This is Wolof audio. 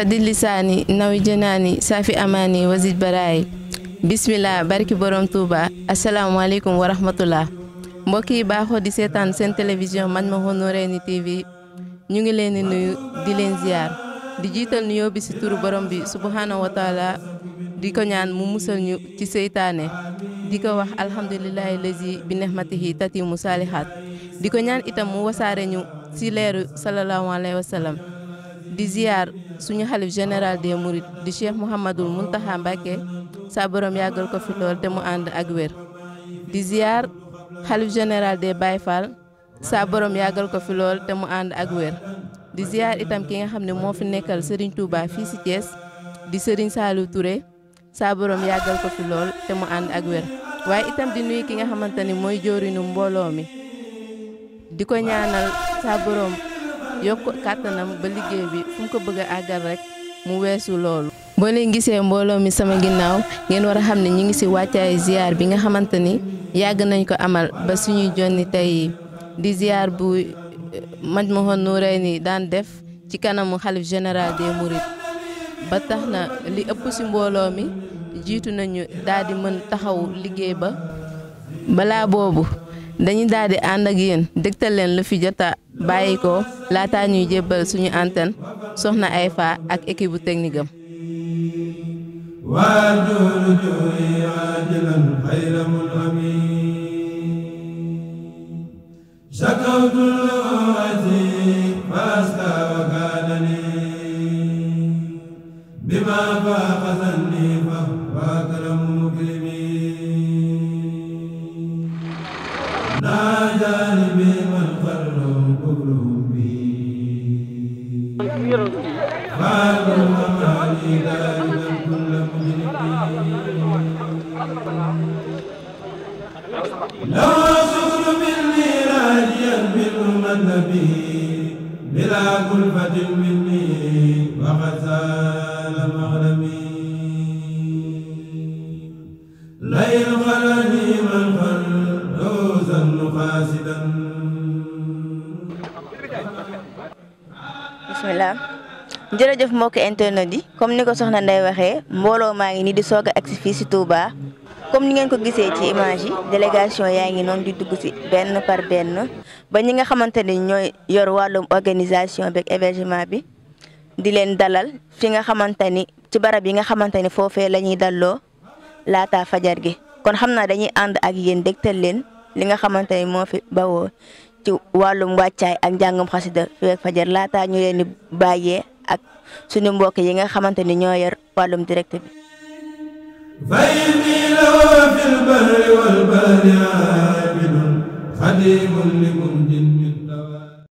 saddi lisaani nawi janaani saafi amaani wasid baraayi bismillah barki borom Touba asalaamaaleykum wa rahmatullah mbokk yi baaxoo di seetaan seen télévision Majmahun Nurayni TV ñu ngi leen di nuyu di leen ziar di jiital nuyoo bi ci turu borom bi subhaanahu wa di ko ñaan mu musal ñu ci seytaane di ko wax alhamdulillahi lazi bi nehmatihi tati mu saalihaat di ko ñaan itam mu wasaare ñu ci leeru sallallahu alayhi wa di ziar suñu xalif général des Mourides di Cheikh Mouhamadul Mountakha Mbacké sa borom yàggal ko fi lool te mu ànd ak wér di ziar général des Baye Fall sa borom yàggal ko fi lool te mu ànd ak wer di ziar itam ki nga xam ne moo fi nekkal Serigne Touba fii si Thiès di Serigne Saliou Touré sa borom yàggal ko fi lool te mu ànd ak wér waaye itam di nuyu ki nga xamante ni mooy joorinu mbooloo mi di ko ñaanal sa borom yokk kàttanam ba liggéey bi fu mu ko bëgg a àggal rek mu weesu loolu. boo leen gisee mbooloo mi sama ginnaaw ngeen war a xam ne ñu ngi ci wàccaay ziar bi nga xamante ni yàgg nañ ko amal ba suñuy jonni tey di ziar bu eh, Majmahun Nurayni daan def ci kanamu xalif général des Mourides. ba tax na li ëpp ci mbooloo mi jiitu nañu daal mën taxaw liggéey ba balaa boobu dañu daal di ànd ak yéen dégtal leen lu fi jota bàyyi ko laata ñuy jébbal suñu antenne soxna ay Ayfa ak équipe bu technique am. بما فاق ظني به بلا كلفة مني وقد زال مغنمي لئن خلني من خل روزا فاسدا بسم jërëjëf mbokk internet yi comme ni ko soxna Ndeye waxee mbooloo maa ngi nii di soog a agsi fii si Touba comme ni ngeen ko gisee ci image délégation yaa ngi noonu di dugg ci benn par benn ba ñi nga xamante ni ñooy yor wàllum organisation beeg hébergement bi di leen dalal fi nga xamante ni ci barab yi nga xamante ni foofee la ñuy dalloo fajar gi kon xam naa dañuy ànd ak yéen dégtal leen li nga xamante ni moo fi bawoo ci wàllum wàccaay ak njàngum xasida feeg fajar laataa ñu leen bàyyee ak suñu mbokk yi nga xamante ni ñoo yor wàllum direct bi xadiimul